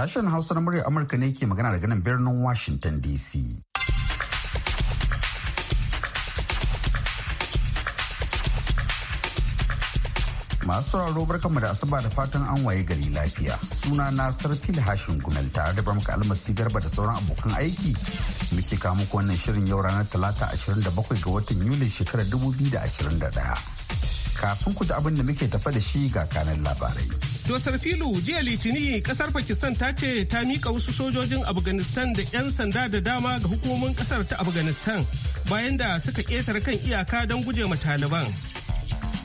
Sashen Hausa na muryar Amurka ne ke magana daga nan birnin Washington DC. Masu sauraro barkanmu da asuba da fatan an waye gari lafiya. Suna na Sarfil Hashin Gumel tare da Bamka Almasi Garba da sauran abokan aiki. Muke kamu muku wannan shirin yau ranar Talata 27 ga watan Yuli shekarar 2021. Kafin ku da abin da muke tafa da shi ga kanan labarai. Dosar filu jiya litini kasar Pakistan ta ce ta mika wasu sojojin Afghanistan da 'yan sanda da dama ga hukumomin kasar ta Afghanistan bayan da suka ƙetare kan iyaka don gujewa Taliban.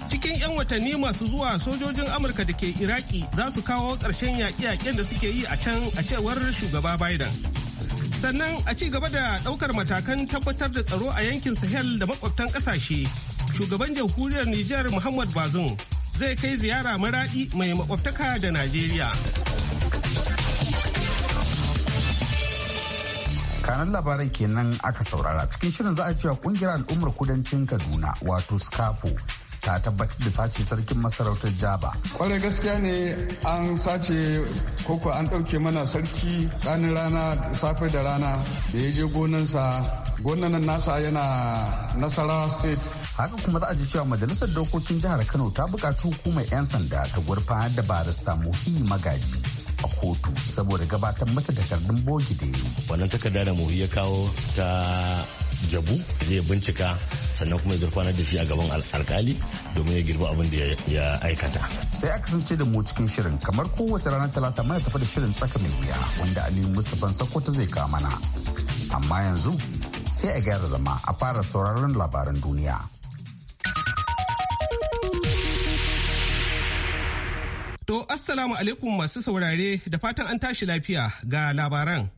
Cikin 'yan watanni masu zuwa sojojin Amurka da ke Iraki za su kawo ƙarshen yaƙe-yaƙen da suke yi a can a cewar shugaba Biden. Sannan a ci gaba da ɗaukar matakan tabbatar da tsaro a yankin Sahel da makwabtan ƙasashe. Shugaban jamhuriyar Nijar Muhammad Bazoum zai kai ziyara maraɗi mai makwabtaka da Najeriya. kanan labaran kenan aka saurara cikin shirin za a cewa kungiyar al'ummar kudancin kaduna wato scapo ta tabbatar da sace sarkin masarautar jaba kwarai gaskiya ne an sace koko an ɗauke mana sarki ɗanin rana safe da rana da ya je gonansa gonan nasa yana nasarawa state haka kuma za a ji cewa majalisar dokokin jihar kano ta buƙaci hukumar 'yan sanda ta gurfanar da barista muhi magaji a kotu saboda gabatar mata takardun bogi da yi wannan takarda da muhi ya kawo ta jabu zai bincika sannan kuma ya gurfanar da shi a gaban alkali domin ya girba abin da ya aikata. Sai aka kasance da mu cikin shirin kamar kowace ranar talata mana tafi da shirin tsaka mai wuya wanda Aliyu Mustapha Sokoto zai kawo mana. Amma yanzu sai a gyara zama a fara sauraron labaran duniya. To, Assalamu alaikum masu saurare da fatan an tashi lafiya ga labaran.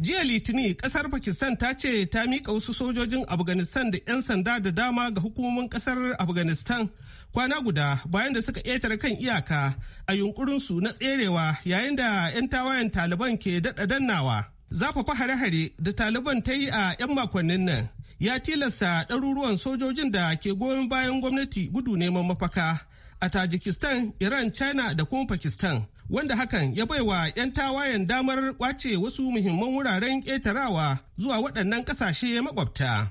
Jiya Litinin kasar Pakistan ta ce ta miƙa wasu sojojin Afghanistan da 'yan sanda da dama ga hukumomin kasar Afghanistan kwana guda bayan da suka ƙetare kan iyaka a yunkurinsu na tserewa yayin da 'yan tawayen Taliban ke daɗa dannawa. Zafafa hare-hare da Taliban ta yi a 'yan makonnin nan ya tilasta ɗaruruwan sojojin da ke goyon bayan gwamnati gudu neman mafaka. a tajikistan iran china da kuma pakistan wanda hakan ya baiwa 'yan tawayen damar kwace wasu muhimman wuraren ƙetarawa zuwa waɗannan ƙasashe makwabta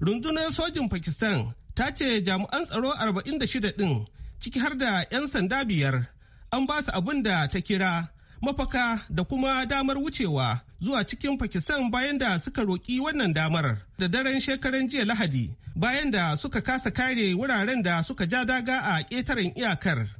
rundunar sojin pakistan ta ce jami'an tsaro 46 ɗin ciki har da 'yan sanda biyar an ba su abin da ta kira mafaka da kuma damar wucewa zuwa cikin Pakistan bayan da suka roƙi wannan damar da daren shekaran jiya Lahadi bayan da suka kasa kare wuraren da suka ja daga a ƙetaren iyakar.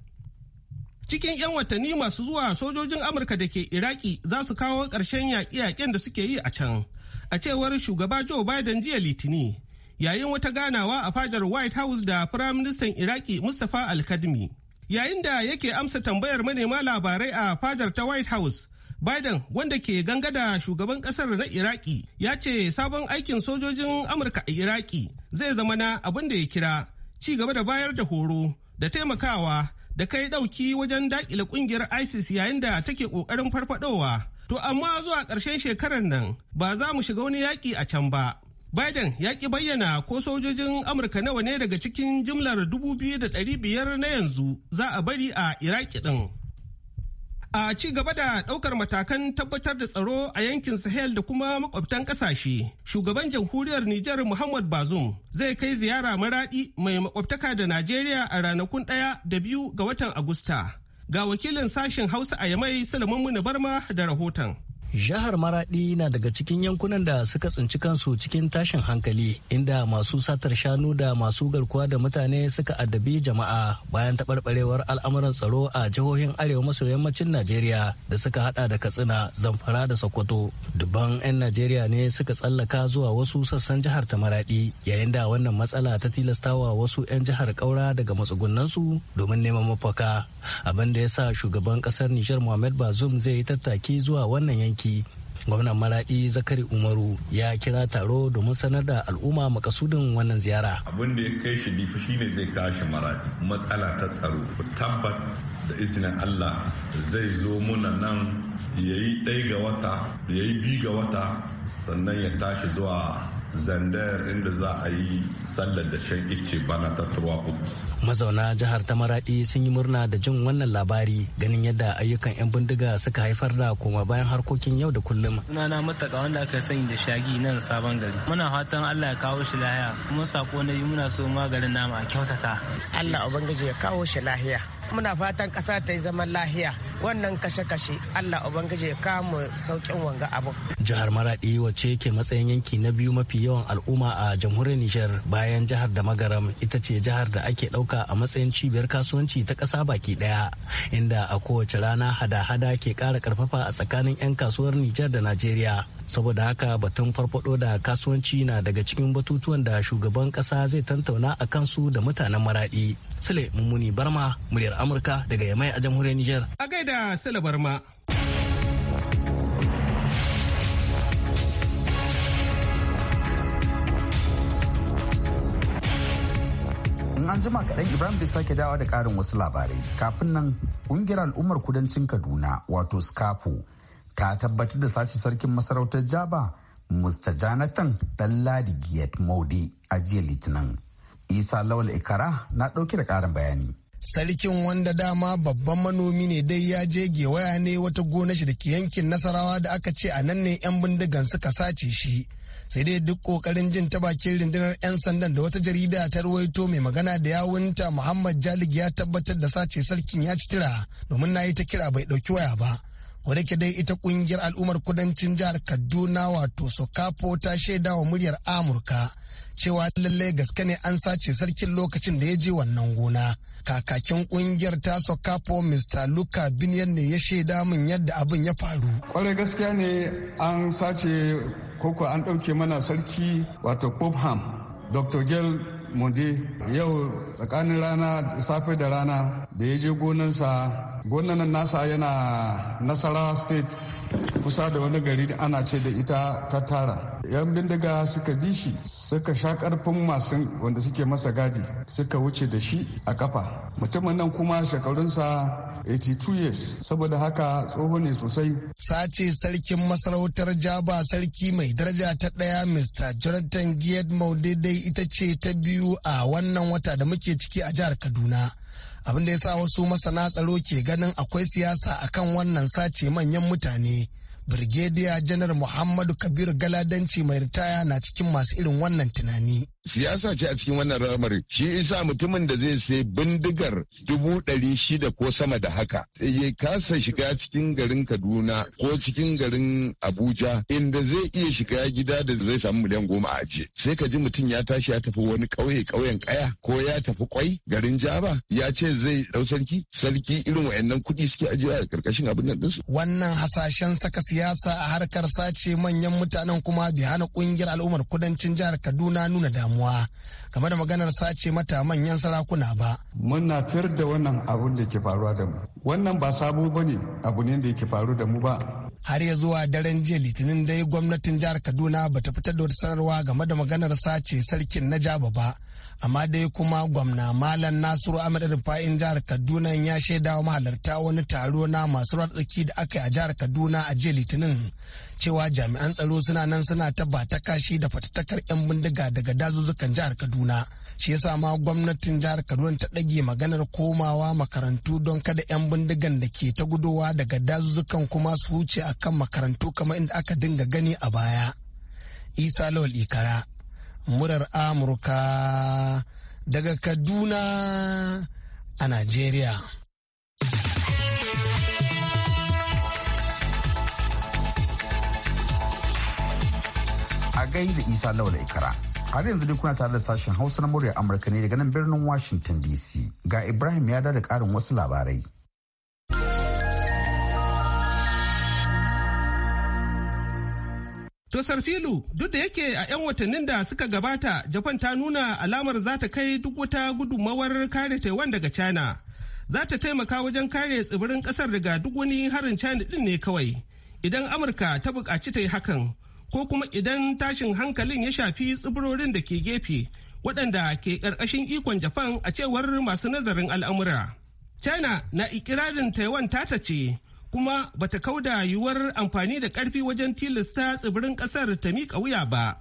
Cikin 'yan watanni masu zuwa sojojin Amurka da ke Iraki za su kawo ƙarshen yaƙi. yaƙen da suke yi a can, a cewar shugaba Joe Biden jiya Litini, yayin wata ganawa a fadar White House da Firaministan Iraki Mustapha Al-Kadmi. Yayin da yake amsa tambayar manema labarai a fadar ta White House, Biden wanda ke gangada shugaban kasar na Iraki ya ce sabon aikin sojojin Amurka a Iraki zai zama na abin da ya kira ci gaba da bayar da horo da taimakawa da kai dauki wajen dakile kungiyar ISIS yayin da take kokarin farfadowa. To amma zuwa ƙarshen shekarar nan ba za mu shiga wani yaƙi a can ba. Biden ya ƙi bayyana ko sojojin Amurka nawa ne daga cikin jimlar 2,500 na yanzu za a bari a Iraki ɗin. a ci gaba da ɗaukar matakan tabbatar da tsaro a yankin sahel da kuma makwabtan ƙasashe shugaban jamhuriyar nijar muhammad bazum zai kai ziyara maraɗi mai makwabtaka da najeriya a ranakun ɗaya da biyu ga watan agusta ga wakilin sashen hausa a yamai salamanmu na barma da rahoton Jihar Maradi na daga cikin yankunan da suka tsinci kansu cikin tashin hankali inda masu satar shanu da masu garkuwa da mutane suka addabi jama'a bayan taɓarɓarewar al'amuran tsaro a jihohin arewa maso yammacin Najeriya da suka hada da Katsina, Zamfara da Sokoto. Dubban 'yan Najeriya ne suka tsallaka zuwa wasu sassan jihar ta Maradi yayin da wannan matsala ta tilastawa wasu 'yan jihar Kaura daga matsugunansu domin neman mafaka. Abin da ya sa shugaban ƙasar Nijar Mohamed Bazoum zai yi tattaki zuwa wannan yanki aiki gwamnan maraɗi zakari umaru ya kira taro domin sanar da al'umma makasudin wannan ziyara abin da ya kai shi shi shine zai kashi maraɗi. matsala ta tsaro tabbat da izinin allah zai zo muna nan ya yi ɗai ga wata ya yi biyu ga wata sannan ya tashi zuwa Zander inda za a yi sallar da shan ice bana ta turwakut. mazauna jihar ta Maraɗi sun yi murna da jin wannan labari ganin yadda ayyukan 'yan bindiga suka haifar da koma bayan harkokin yau da kullum na mataka wanda aka sani da shagi nan sabon gari muna fatan allah ya kawo shi lahiya kuma sako na yi muna so maganin nama a kyautata allah ubangiji ya kawo shi lahiya muna fatan kasa ta yi zaman lahiya wannan kashe-kashe allah ubangiji ya kamu saukin wanga abu jihar maraɗi wacce ke matsayin yanki na biyu mafi yawan al'umma a jamhuriyar nijar bayan jihar da magaram ita ce jihar da ake ɗauka a matsayin cibiyar kasuwanci ta ƙasa baki ɗaya inda a kowace rana hada-hada ke ƙara karfafa a tsakanin 'yan kasuwar nijar da najeriya saboda haka batun farfado da kasuwanci na daga cikin batutuwan da shugaban ƙasa zai tantauna a kansu da mutanen maraɗi sule mummuni barma muryar Amurka daga Yamai a jamhuriyar Nijar. A gaida Sala Barma. in an jima kaɗan ibrahim bai sake dawa da ƙarin wasu labarai kafin nan ƙungiyar al'ummar kudancin kaduna wato scapo ta tabbatar da sace sarkin masarautar jaba mr jonathan ɗanladi giyat maudi a jiya litinin isa lawal ikara na ɗauke da ƙarin bayani sarkin wanda dama babban manomi ne dai ya je waya ne wata gona shi da ke yankin nasarawa da aka ce a nan ne 'yan bindigan suka sace shi sai dai duk kokarin jin ta bakin rundunar 'yan sandan da wata jarida ta ruwaito mai magana da yawunta muhammad jalig ya tabbatar da sace sarkin ya ci tira domin na yi ta kira bai ɗauki waya ba wadda ke dai ita kungiyar al'ummar kudancin jihar kaduna wato sokapo ta shaida wa muryar amurka cewa lallai gaske ne an sace sarkin lokacin da ya je wannan gona kakakin kungiyar ta sokapo mr luka binyan ne ya shaida min yadda abin ya faru kwarai gaskiya ne an sace koko an ɗauke mana sarki wato popham dr gel mundi yau tsakanin rana safe da rana da ya je gonansa gonan nasa yana nasara state kusa da wani gari da ana ce da ita ta tara yan bindiga suka bi shi suka sha karfin masu wanda suke masa gadi suka wuce da shi a kafa mutumin nan kuma shekarunsa 82 years saboda haka tsoho ne sosai. Sace sarkin masarautar Jaba sarki mai daraja ta ɗaya Mr. Jonathan Giyad Maudidai ita ce ta biyu a wannan wata da muke ciki a jihar Kaduna. abin da ya sa wasu masana tsaro ke ganin akwai siyasa akan wannan sace manyan mutane Birgediya Janar Muhammadu Kabir Galadanci mai ritaya na cikin masu irin wannan tunani. Siyasa ce a cikin wannan ramar shi isa mutumin da zai sai bindigar dubu ɗari shida ko sama da haka. Ya kasa shiga cikin garin Kaduna ko cikin garin Abuja inda zai iya shiga gida da zai samu miliyan goma a ajiye. Sai ka ji mutum ya tashi ya tafi wani ƙauye ƙauyen ƙaya ko ya tafi kwai garin Jaba ya ce zai ɗau sarki sarki irin wa'annan kuɗi suke ajiyewa a ƙarƙashin abin nan ɗinsu. Wannan hasashen saka siyasa siyasa a harkar sace manyan mutanen kuma bai hana kungiyar al'ummar kudancin jihar kaduna nuna damuwa game da maganar sace mata manyan sarakuna ba muna tar da wannan abun da ke faruwa da mu wannan ba sabo bane abu ne da ke faru da mu ba har ya zuwa daren jiya litinin dai gwamnatin jihar kaduna bata fitar da wata sanarwa game da maganar sace sarkin na jaba ba amma dai kuma gwamna malam nasiru ahmed rufa'in jihar kaduna ya shaida wa mahalarta wani taro na masu ratsaki da aka yi a jihar kaduna a jiya litinin cewa jami'an tsaro suna nan suna ta ba ta kashi da fatattakar 'yan bindiga daga dazuzzukan jihar kaduna shi yasa ma gwamnatin jihar kaduna ta ɗage maganar komawa makarantu don kada 'yan bindigan da ke ta gudowa daga dazuzzukan kuma su wuce akan makarantu kamar inda aka dinga gani a baya isa lawal ikara murar amurka daga kaduna a najeriya a da isa Lawal ikara har yanzu ne kuna tare da sashen hausa na murya amurka ne daga nan birnin washington dc ga ibrahim ya da karin wasu labarai To Sarfilu duk da yake a 'yan watannin da suka gabata Japan ta nuna alamar za ta kai duk wata gudunmawar kare Taiwan daga China. Za ta taimaka wajen kare tsibirin kasar daga duk wani harin China din ne kawai. Idan Amurka ta buƙaci ta yi hakan ko kuma idan tashin hankalin ya shafi tsibirorin da ke gefe waɗanda ke ƙarƙashin ikon japan a cewar masu nazarin al'amura china na ikirarin taiwan tata ce kuma bata kauda yiwuwar amfani da ƙarfi wajen tilasta tsibirin ƙasar ta miƙa wuya ba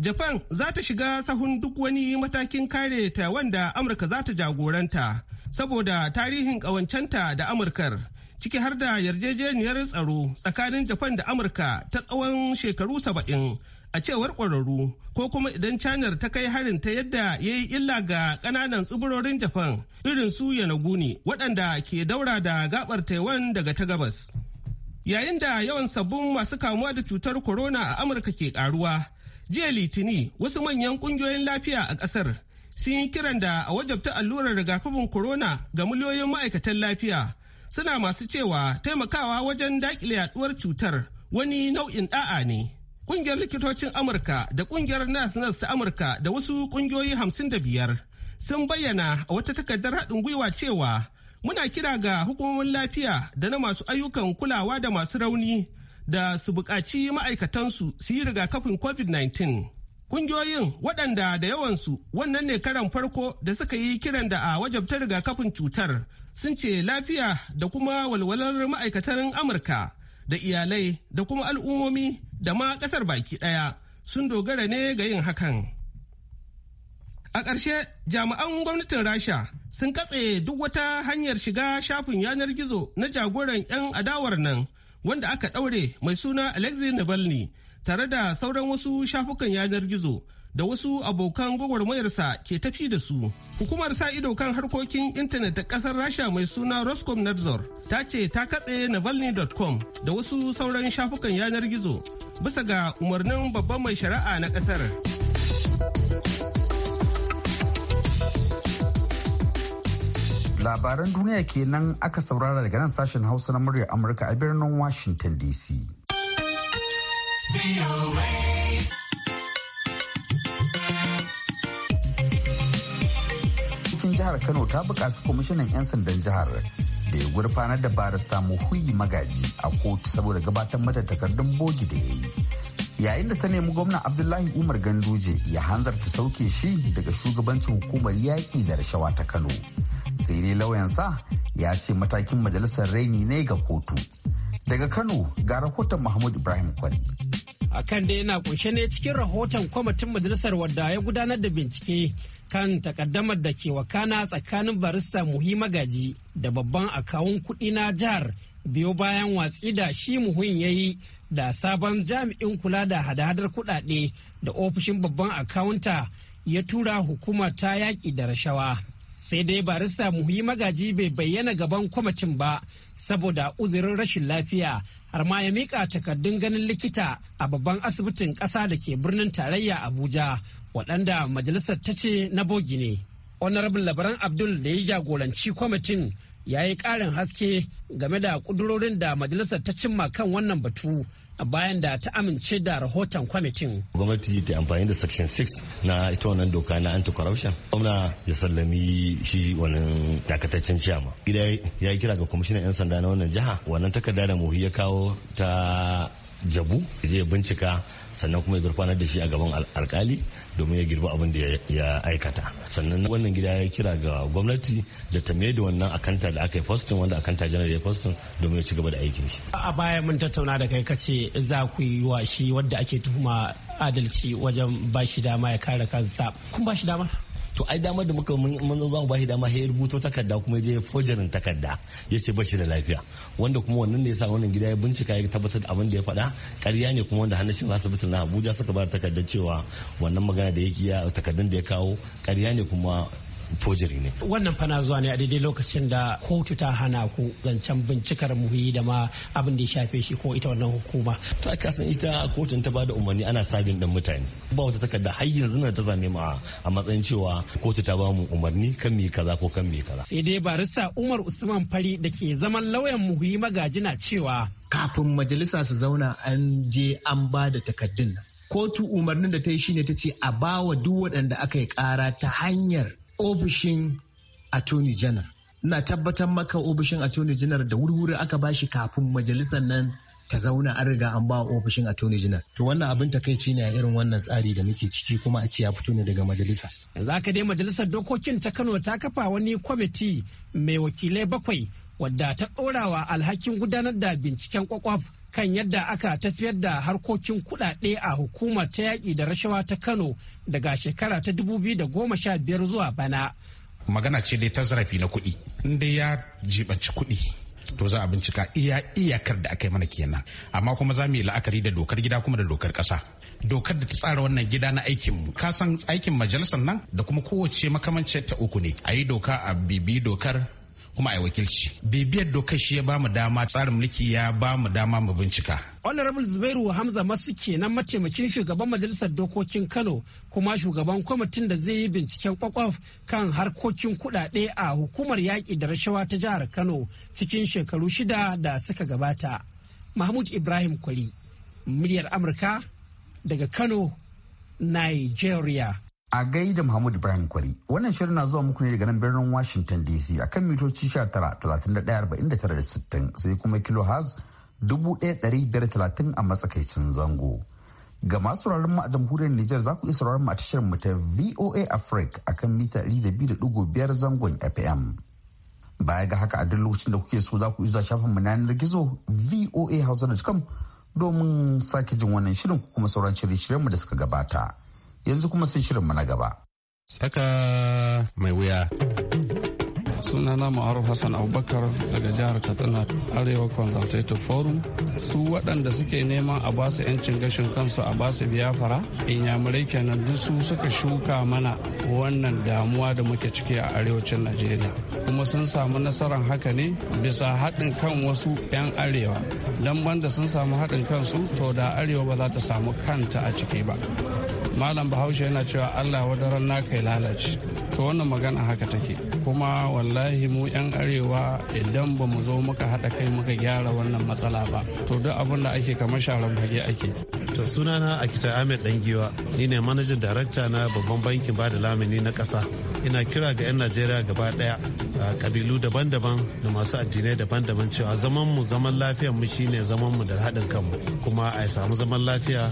japan za ta shiga sahun duk wani matakin kare taiwan da amurka za ta jagoranta saboda tarihin ƙawancenta da amurkar ciki har da yarjejeniyar tsaro tsakanin Japan da Amurka ta tsawon shekaru saba'in a cewar ƙwararru ko kuma idan canar ta kai harin ta yadda ya yi illa ga ƙananan tsibirorin Japan irin su Yanaguni waɗanda ke daura da gabar Taiwan daga ta gabas. Yayin da yawan sabbin masu kamuwa da cutar corona a Amurka ke ƙaruwa, jiya litini wasu manyan ƙungiyoyin lafiya a ƙasar sun yi kiran da a wajabta allurar rigakafin corona ga miliyoyin ma'aikatan lafiya suna masu cewa taimakawa wajen dakile yaduwar cutar wani nau'in da'a ne kungiyar likitocin amurka da kungiyar nas ta amurka da wasu kungiyoyi hamsin da biyar sun bayyana a wata takardar haɗin gwiwa cewa muna kira ga hukumomin lafiya da na masu ayyukan kulawa da masu rauni da su buƙaci ma'aikatansu su yi rigakafin covid-19 kungiyoyin waɗanda da yawansu wannan ne karan farko da suka yi kiran da a wajabta rigakafin cutar sun ce lafiya da kuma walwalar ma'aikatan amurka da iyalai da kuma al'ummomi da ma kasar baki daya sun dogara ne ga yin hakan a ƙarshe jami'an gwamnatin rasha sun katse duk wata hanyar shiga shafin yanar gizo na jagoran 'yan adawar nan wanda aka ɗaure mai suna alexei navalny tare da sauran wasu shafukan yanar gizo da wasu abokan gwagwarmayarsa ke tafi da su. Hukumar sa ido kan harkokin intanet ta kasar Rasha mai suna Roskomnadzor ta ce ta katse Navalny.com da wasu sauran shafukan yanar gizo bisa ga umarnin babban mai shari'a na kasar. labaran duniya kenan aka saurara daga nan sashen hausa na murya amurka a birnin washington dc. jihar kano ta buƙaci kwamishinan 'yan sandan jihar da ya gurfanar da barista muhuyi magaji a kotu saboda gabatar mata takardun bogi da ya yi yayin da ta nemi gwamna abdullahi umar ganduje ya hanzarta sauke shi daga shugabancin hukumar yaƙi da rashawa ta kano sai dai lauyansa ya ce matakin majalisar raini ne ga kotu daga kano ga rahoton mahmud ibrahim kwani akan da yana kunshe ne cikin rahoton kwamitin majalisar wadda ya gudanar da bincike kan takaddamar da ke wakana tsakanin barista muhi magaji da babban akawun kuɗi na jihar biyo bayan watsi da shi muhun ya yi da sabon jami'in kula da hada-hadar kuɗaɗe da ofishin babban akawunta ya tura hukuma ta yaƙi da rashawa sai dai barista muhi magaji bai bayyana gaban kwamitin ba saboda uzurin rashin lafiya har ma ya miƙa takardun ganin likita a babban asibitin ƙasa da ke birnin tarayya abuja waɗanda majalisar ta ce na bogi ne honorable labaran abdul da ya jagoranci kwamitin ya yi ƙarin haske game da ƙudurorin da majalisar ta cimma kan wannan batu bayan da ta amince da rahoton kwamitin. Gwamnati ta amfani da section 6 na ita wannan doka na anti-corruption. Gwamna ya sallami shi wannan dakataccen ciyama. Gida ya yi kira ga kwamishinan 'yan sanda na wannan jiha wannan takarda da muhi ya kawo ta jabu je bincika sannan kuma ya gurfanar da shi a gaban alkali domin ya girba abin da ya aikata sannan wannan gida ya kira ga gwamnati da ta da wannan akanta da aka yi fostin wanda akanta janar ya fostin domin ya ci gaba da aikin shi a baya mun tattauna da kai kace za ku yi wa shi wadda ake tuhuma adalci wajen ba shi dama ya kare kansa kun ba shi dama. to ai damar da muka mun za mu bashi dama ya rubuto takarda kuma je fojarin takarda ya ce bashi da lafiya wanda kuma wannan ne yasa wannan gida ya bincika ya tabbatar abin da ya faɗa ƙarya ne kuma wanda hannashin asibitin na Abuja suka ba takardar cewa wannan magana da ya takardun da ya kawo ƙarya ne kuma fojiri ne wannan fana zuwa ne a daidai lokacin da kotu ta hana ku zancen bincikar muhi da ma abin da ya shafe shi ko ita wannan hukuma to ka san ita kotun ta bada umarni ana sabin dan mutane ba wata takarda har yanzu na ta zame ma a matsayin cewa kotu ta bamu umarni kan mi kaza ko kan mi kaza sai dai barista Umar Usman Fari da ke zaman lauyan muhi na cewa kafin majalisa su zauna an je an ba da takardun kotu umarnin da ta yi shine ta ce a bawa duk waɗanda aka yi ƙara ta hanyar ofishin attorney general na tabbatar maka ofishin attorney general da wuri-wuri aka bashi kafin majalisar nan ta zauna an riga an ba ofishin attorney general to wannan abin takaici ne a irin wannan tsari da muke ciki kuma a ce ya fito ne daga majalisa yanzu aka dai majalisar dokokin ta Kano ta kafa wani kwamiti mai wakilai bakwai wadda ta ɗorawa alhakin gudanar da binciken kwakwaf kan yadda aka tafiyar da harkokin kuɗaɗe a hukumar ta yaƙi da rashawa ta Kano daga shekara ta 2015 zuwa bana. Magana ce dai ta zarafi na kuɗi, inda ya jibanci kuɗi. to za a bincika iya iyakar da aka yi mana kenan amma kuma za mu yi la'akari da dokar gida kuma da dokar ƙasa. dokar da ta tsara wannan gida na aikin mu ka aikin majalisar nan da kuma kowace makamancin ta uku ne a yi doka a bibi dokar kuma a yi wakilci bibiyar dokar shi ya ba mu dama tsarin mulki ya ba mu dama mu bincika honorable zubairu hamza masu kenan mataimakin shugaban majalisar dokokin kano kuma shugaban kwamitin da zai yi binciken kwakwaf kan harkokin kuɗaɗe a hukumar yaƙi da rashawa ta jihar kano cikin shekaru shida da suka gabata mahmud ibrahim kwali muryar amurka daga kano nigeria a gaida Muhammadu Ibrahim Kwari. Wannan shirin na zuwa muku ne daga nan birnin Washington DC a kan mitoci 19,31,49,60 sai kuma kilo kilohaz 1,530 a matsakaicin zango. Ga masu sauraren mu a jamhuriyar Nijar za ku iya sauraron mu a tashar mu ta VOA Africa a kan mita 200.5 zangon FM. Baya ga haka a duk lokacin da kuke so za ku iya shafin mu gizo yanar gizo voahausa.com domin sake jin wannan shirin ku kuma sauran shirye-shiryen mu da suka gabata. yanzu kuma sun shirin na gaba. Saka mai wuya. sunana ma'aru hassan abubakar daga jihar katsina arewa consultative forum su waɗanda suke neman a basu 'yancin gashin kansu a basu biyafara inyamurai kenan duk su suka shuka mana wannan damuwa da muke ciki a arewacin najeriya kuma sun samu nasarar haka ne bisa haɗin kan wasu 'yan arewa don banda sun samu haɗin kansu to da arewa ba za ta samu kanta a ciki ba malam bahaushe yana cewa allah wadaran naka ya lalace to wannan magana haka take kuma wallahi mu 'yan arewa idan ba mu zo muka haɗa kai muka gyara wannan matsala ba to duk abin da ake kamar sharan fage ake to sunana akita ahmed dangiwa ni ne manajan darakta na babban bankin bada lamini na kasa ina kira ga 'yan najeriya gaba ɗaya a kabilu daban-daban da masu addinai daban-daban cewa zaman mu zaman lafiyar mu shine zaman mu da haɗin kanmu kuma a samu zaman lafiya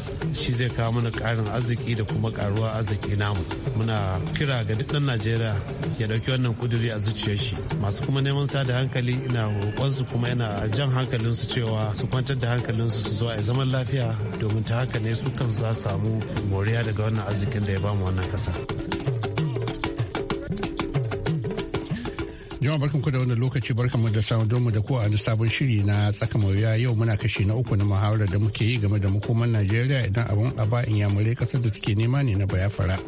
shi zai kawo mana ƙarin arziki da kuma karuwa arziki namu muna kira ga duk ɗan najeriya ya dauki wannan kuduri a zuciyar shi masu kuma neman ta da hankali ina su kuma yana jan hankalin su cewa su kwantar da hankalin su su zuwa a zaman lafiya domin ta haka ne su kan za samu moriya daga wannan arzikin da ya bamu wannan kasa. Jama'a barkan ku da wannan lokaci barkan mu da samun mu da ku a wani sabon shiri na tsaka mawuya yau muna kashi na uku na muhawarar da muke yi game da makoman Najeriya idan abun aba in yamurai kasar da suke nema ne na bayafara.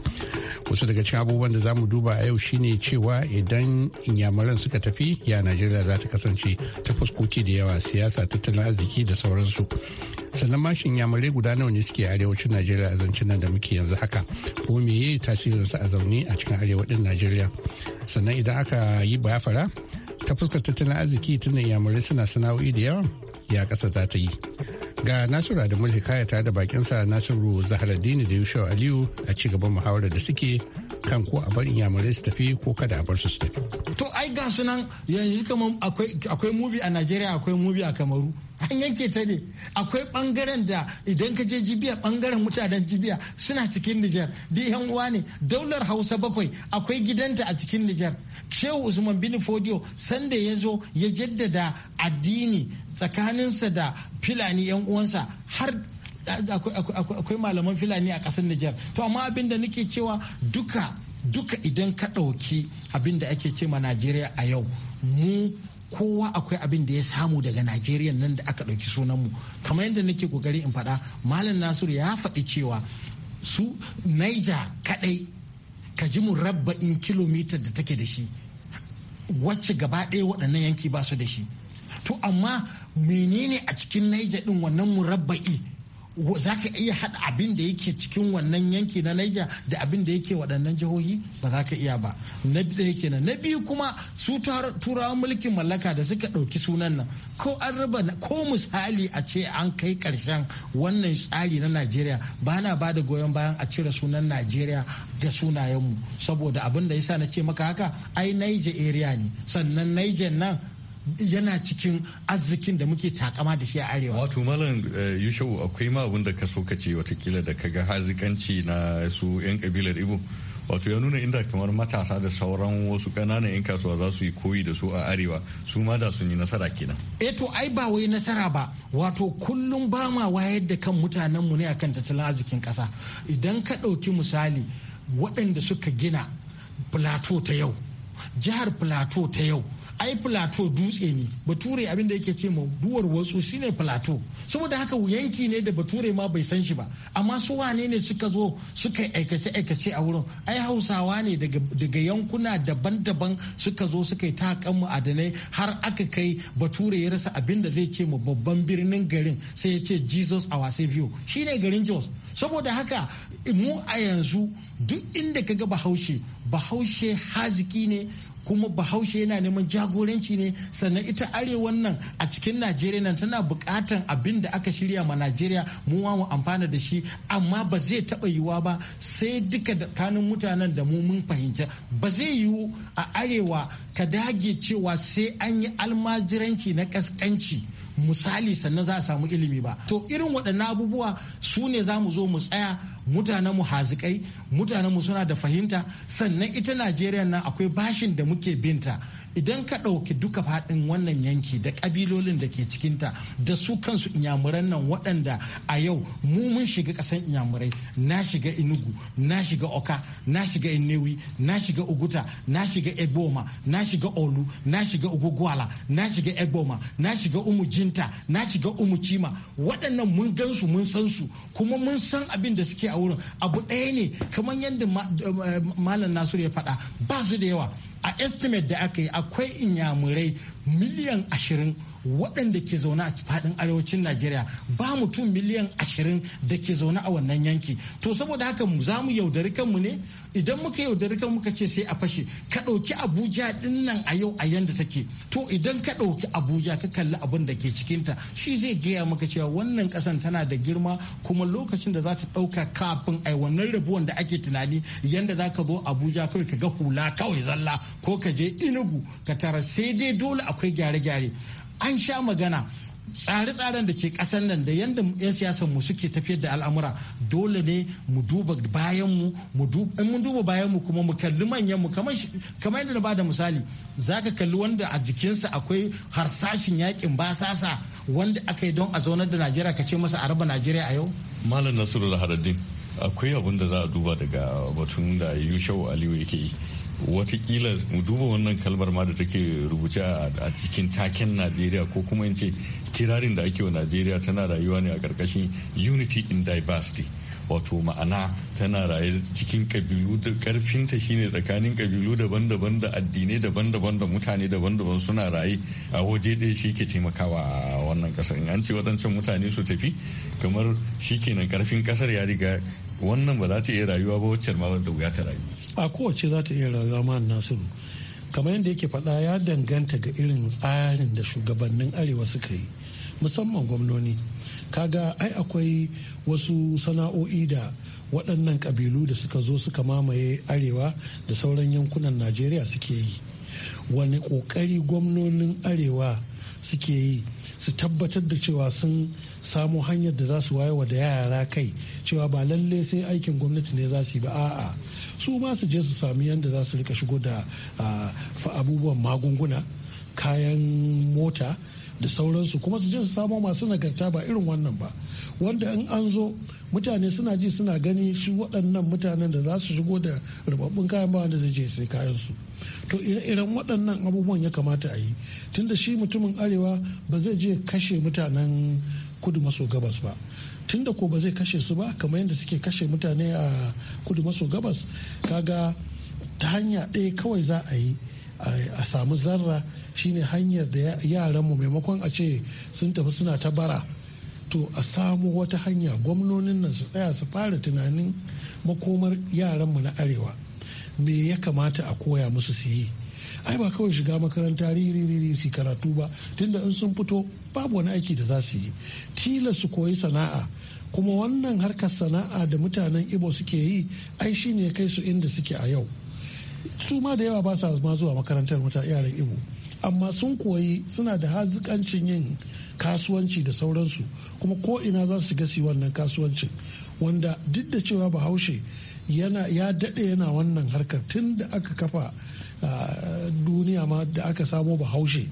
Wasu daga cikin abubuwan da zamu duba a yau shine cewa idan inyamuran suka tafi ya Najeriya za ta kasance ta fuskoki da yawa siyasa tattalin arziki da sauransu. sannan mashin yamurai guda nawa ne suke arewacin najeriya a zancen nan da muke yanzu haka ko meye tasirinsu a zaune a cikin arewa din najeriya sannan idan aka yi bayafara. fara ta fuskar tattalin arziki tunda iyamurai suna sana'o'i da yawa ya kasa za ta yi ga nasiru mulki hikaya tare da bakinsa nasiru zaharaddini da yusuf aliyu a ci gaban muhawarar da suke kan ko a bar iyamurai su tafi ko kada a bar su su tafi to ai ga sunan yanzu kamar akwai mubi a najeriya akwai mubi a kamaru an yanke ta ne akwai bangaren da idan ka je jibiya bangaren mutanen jibiya suna cikin nijar duk yan uwa ne daular hausa bakwai akwai gidanta a cikin nijar shehu usman bin Fodio sanda ya zo ya jaddada addini tsakaninsa da filani yan uwansa har akwai malaman filani a ƙasar nijar to amma abin da nake cewa duka duka idan ka ɗauki abin da ake ce ma najeriya a yau mu kowa akwai abin da ya samu daga najeriya nan da aka ɗauki mu kamar yadda nake kokari in faɗa malam nasiru ya faɗi cewa su naija kaɗai ka ji murabba'in kilomita da take da shi wacce gaba ɗaya waɗannan yanki ba su da shi to amma menene a cikin niger ɗin wannan murabba'i za ka iya haɗa abin da yake cikin wannan yanki na Niger da abin da yake waɗannan jihohi ba za ka iya ba na biyu kenan na biyu kuma su turawan mulkin mallaka da suka ɗauki sunan nan ko an raba ko misali a ce an kai ƙarshen wannan tsari na Najeriya ba na ba da goyon bayan a cire sunan Najeriya ga sunayenmu saboda abin da yasa na ce maka haka ai Niger area ne sannan Niger nan yana cikin arzikin da muke takama da shi a arewa wato malam eh, yushau akwai ma abin da ka so ka ce watakila da ka ga hazikanci na su yan kabilar ibo wato ya nuna inda kamar matasa da sauran wasu ƙananan 'yan kasuwa za su yi koyi da su a arewa su ma da sun yi nasara kenan. e to ai ba wai nasara ba wato kullum ba ma wayar da kan mutanenmu ne akan tattalin arzikin ƙasa idan ka ɗauki misali waɗanda suka gina plateau ta yau jihar plateau ta yau ai plateau dutse ne bature abin da yake ce ma duwar watsu shine plateau saboda haka yanki ne da bature ma bai san shi ba amma su wane ne suka zo suka aikace aikace a wurin ai hausawa ne daga yankuna daban-daban suka zo suka yi takan ma'adanai har aka kai bature ya rasa abin da zai ce ma babban birnin garin sai ya ce jesus our savior shine garin jos saboda haka mu a yanzu duk inda ka ga bahaushe bahaushe haziki ne kuma bahaushe yana neman jagoranci ne sannan ita arewan nan a cikin najeriya nan tana bukatan abin da aka shirya ma najeriya mu mu amfana da shi amma ba zai taba yiwuwa ba sai duka da kanun mutanen da mu mun fahimta ba zai yiwu a arewa ka dage cewa sai an yi almajiranci na kaskanci misali sannan za a samu ilimi ba to irin waɗannan abubuwa su ne za mu zo mu tsaya mutanenmu hazikai mu suna da fahimta sannan ita najeriya nan akwai bashin da muke binta idan ka ɗauki duka faɗin wannan yanki da ƙabilolin da ke cikinta da su kansu inyamuran nan waɗanda a yau mu mun shiga ƙasan inyamurai na shiga inugu na shiga oka na shiga inewi na shiga uguta na shiga egboma na shiga olu na shiga ugugwala na shiga egboma na shiga umujinta na shiga umucima waɗannan mun gansu mun san su kuma mun san abin da suke a wurin abu ɗaya ne kamar yadda eh, malam nasiru ya faɗa ba su da yawa estimate da aka yi akwai inyamurai miliyan ashirin waɗanda ke zaune a faɗin arewacin najeriya ba mutum miliyan ashirin da ke zaune a wannan yanki to saboda haka za mu yaudari kanmu ne idan muka yaudari kan muka ce sai a fashe ka ɗauki abuja ɗin nan a yau a yanda take to idan ka ɗauki abuja ka kalli abin da ke cikinta shi zai gaya maka cewa wannan kasan tana da girma kuma lokacin da za ta ɗauka kafin ai wannan rabuwan da ake tunani yanda za ka zo abuja kawai ka ga hula kawai zalla ko ka je inugu ka tara sai dai dole akwai gyare-gyare an sha magana tsare-tsaren da ke kasan nan da yadda 'yan siyasan mu suke tafiyar da al'amura dole ne mu duba bayan mu in duba bayan mu kuma mu kalli manyan mu kamar yadda na bada misali za ka kalli wanda a jikinsa akwai harsashin yakin basasa wanda aka yi don a zaunar da najeriya ka ce masa a raba najeriya a yau malam nasiru laharaddin akwai abin da za a duba daga batun da yushau aliyu yake yi watakila mu duba wannan kalmar ma da take rubuce a cikin taken najeriya ko kuma in ce kirarin da ake wa najeriya tana rayuwa ne a karkashin unity in diversity wato ma'ana tana raye cikin kabilu da karfinta shine tsakanin kabilu daban-daban da addinai daban-daban da mutane daban-daban suna raye a waje ɗaya shi ke taimakawa a wannan kasar an ce waɗancan mutane su tafi kamar shi kenan karfin ƙasar ya riga wannan ba za ta iya rayuwa ba waccan ma wanda wuya ta rayu a kowace za ta iya rayuwa ma nasiru kamar yadda yake faɗa ya danganta ga irin tsarin da shugabannin arewa suka yi musamman gwamnoni kaga ai akwai wasu sana'o'i da waɗannan ƙabilu da suka zo suka mamaye arewa da sauran yankunan najeriya suke yi wani ƙoƙari gwamnonin arewa suke yi su tabbatar da cewa sun samu hanyar da za su wayewa da yara kai cewa ba lalle sai aikin gwamnati ne za su yi ba a'a su ma su je su sami yadda za su rika shigo da ah, abubuwan magunguna kayan mota da sauransu kuma su je su samo masu nagarta ba irin wannan ba wanda in an zo mutane suna ji suna gani shi waɗannan mutanen da za su shigo da rubabbun kayan ba wanda zai je sai kayan su to ire-iren waɗannan abubuwan ya kamata a yi tunda shi mutumin arewa ba zai je kashe mutanen kudu maso gabas ba tunda ko ba zai kashe su ba kamar yadda suke kashe mutane a kudu maso gabas kaga ta hanya ɗaya kawai za a yi a samu zarra shine hanyar da mu maimakon a ce sun tafi suna ta bara to a samu wata hanya gwamnonin nan su tsaya su fara tunanin makomar yaran mu na arewa me ya kamata a koya musu su yi ai ba kawai shiga makaranta riri su karatu ba tunda in sun fito babu wani aiki da za su yi tilas su koyi sana'a kuma wannan harkar sana'a da mutanen ibo suke yi ai shi ne kai su inda suke a yau su ma da yawa ba sa ma zuwa makarantar yaran ibo amma sun koyi suna da hazikancin yin kasuwanci da sauransu kuma ko ina za su gasi wannan kasuwancin wanda duk da cewa bahaushe yana ya daɗe yana wannan harkar tun da aka kafa duniya ma da aka samo bahaushe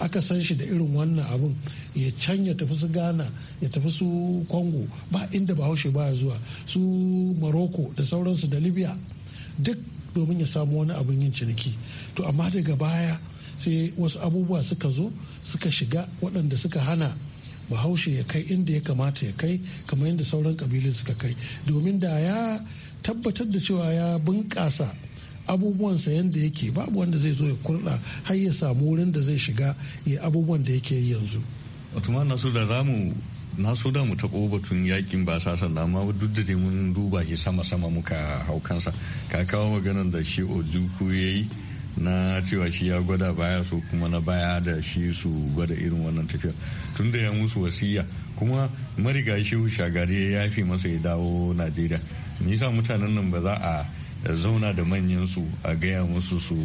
aka san shi da irin wannan abun ya can ya tafi su ghana ya tafi su congo ba inda bahaushe baya zuwa su morocco da sauransu da libya duk domin ya samu wani abin yin ciniki to amma daga baya sai wasu abubuwa suka zo suka shiga waɗanda suka hana bahaushe ya kai inda ya kamata ya kai kamar yadda sauran ƙabilun suka kai domin da ya tabbatar da cewa ya bunƙasa abubuwansa yadda yake babu wanda zai zo ya kurɗa har ya samu wurin da zai shiga ya abubuwan da yake yanzu. na so da mu taɓo batun yakin ba sa sanda amma duk da mun duba shi sama-sama muka haukansa kansa ka kawo maganar da shi ojuku ya yi na cewa shi ya gwada baya su kuma na baya da shi su gwada irin wannan tafiyar tun da ya musu wasiya kuma mariga shehu shagari ya yafi masa ya dawo najeriya nisa mutanen nan ba za a zauna da manyan su a gaya musu su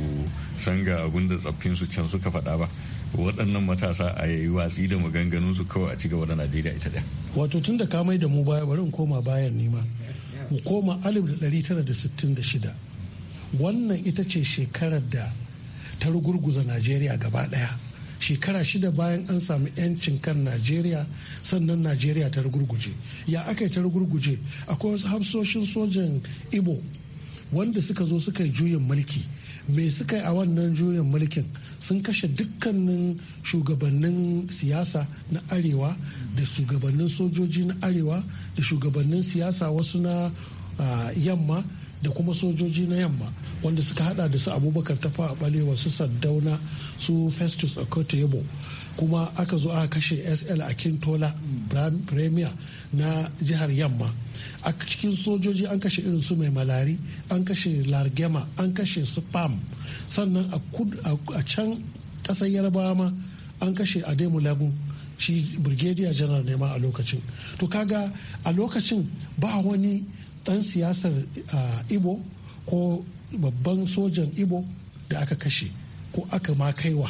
san ga abin da tsaffin su can suka faɗa ba waɗannan matasa a yi watsi da maganganun su kawai a ci gaba da najeriya ita da wato tun da ka mai da mu baya bari in koma bayan nima mu koma 1966 wannan ita ce shekarar da ta rugurguza najeriya gaba daya shekara shida bayan an samu 'yancin kan najeriya sannan najeriya ta rugurguje ya aka yi ta rugurguje akwai wasu hafsoshin sojan ibo wanda suka zo suka yi juyin mulki me suka yi a wannan juyin mulkin sun kashe dukkanin shugabannin siyasa na arewa da shugabannin sojoji na arewa da shugabannin siyasa wasu na ah, yamma da kuma sojoji na yamma wanda suka hada da su abubakar tafa a balewa su saddauna su festus a yabo kuma aka zo aka kashe sl a kintola premier na jihar yamma a cikin sojoji an kashe irin su mai malari an kashe largema an kashe su pam sannan a can kasar yarbawa ma an kashe ademu lagun shi brigadier general nema a lokacin to kaga a lokacin ba wani ɗan siyasar ibo ko babban sojan ibo da aka kashe ko aka ma kai wa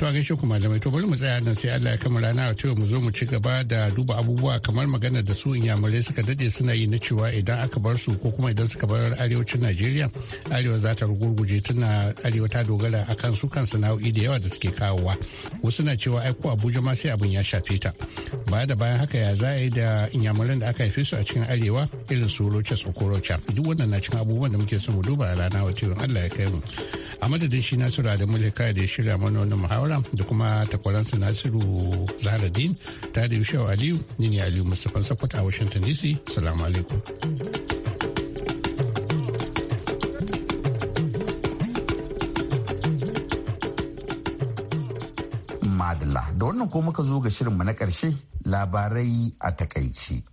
To a gaishe ku malamai to bari mu tsaya nan sai Allah ya kama rana a cewa mu zo mu ci gaba da duba abubuwa kamar magana da su inyamurai suka dade suna yi na cewa idan aka bar su ko kuma idan suka bar arewacin Najeriya arewa za ta rugurguje tana arewa ta dogara akan su kan sana'o'i da yawa da suke kawowa. Wasu na cewa ai ko Abuja ma sai abin ya shafe ta. Baya da bayan haka ya za a yi da inyamuran da aka haife su a cikin arewa irin su Rocha Sokorocha. Duk wannan na cikin abubuwan da muke son mu duba a rana cewa Allah ya kai mu. a madadin shi nasiru adamu da ya shirya mana wannan muhawara da kuma takwaransa nasiru zaradin ta da yushe aliyu ni ne aliyu mustapha sakwata a washington dc salamu alaikum da wannan ko muka zo ga shirin mu na ƙarshe labarai a takaici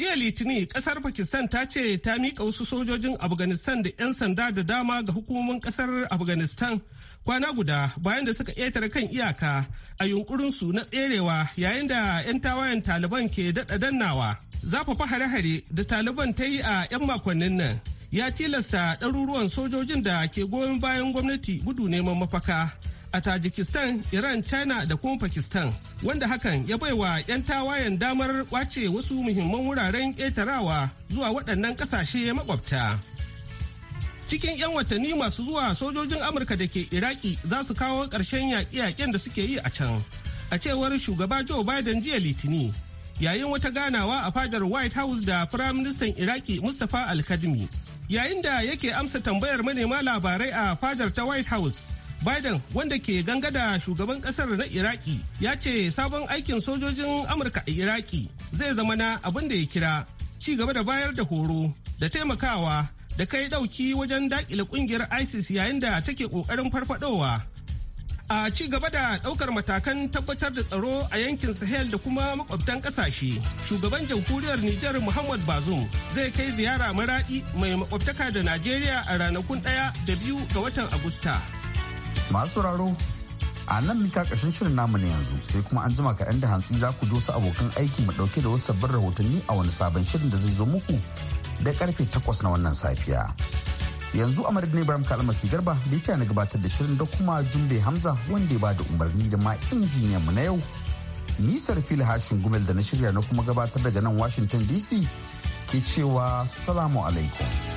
jiya litinin kasar pakistan ta ce ta miƙa wasu sojojin afghanistan da 'yan sanda da dama ga hukumomin kasar afghanistan kwana guda bayan da suka ƙetare kan iyaka a yunkurinsu na tserewa yayin da 'yan tawayen taliban ke daɗa dannawa zafafa hare-hare da taliban ta yi a 'yan makonnin nan ya tilasta ɗaruruwan sojojin da ke goyon bayan gwamnati gudu neman mafaka a tajikistan iran china da kuma pakistan wanda hakan ya baiwa 'yan tawayen damar kwace wasu muhimman wuraren ƙetarawa zuwa waɗannan ƙasashe makwabta cikin 'yan watanni masu zuwa sojojin amurka da ke iraki za su kawo ƙarshen yaƙe-yaƙen da suke yi a can a cewar shugaba joe biden jiya litini yayin wata ganawa a fadar white house da firaministan iraki mustapha alkadmi yayin da yake amsa tambayar manema labarai a fadar ta white house Biden wanda ke gangada shugaban kasar na Iraki ya ce sabon aikin sojojin Amurka a Iraki zai zama na abin da ya kira ci gaba da bayar da horo da taimakawa da kai dauki wajen dakile kungiyar ISIS yayin da take kokarin farfadowa. A ci gaba da daukar matakan tabbatar da tsaro a yankin Sahel da kuma makwabtan kasashe, shugaban jamhuriyar Nijar Muhammad Bazoum zai kai ziyara maradi mai makwabtaka da Najeriya a ranakun ɗaya da biyu ga watan Agusta. masu sauraro a nan mika ƙarshen shirin namu na yanzu sai kuma an jima kaɗan da hantsi za ku dosa abokan aiki mu ɗauke da wasu sabbin rahotanni a wani sabon shirin da zai zo muku da karfe takwas na wannan safiya yanzu a madadin ibrahim kalmasi garba da ita na gabatar da shirin da kuma jumbe hamza wanda ya bada umarni da ma injiniyan mu na yau nisar fili hashin gumel da na shirya na kuma gabatar daga nan washington dc ke cewa salamu alaikum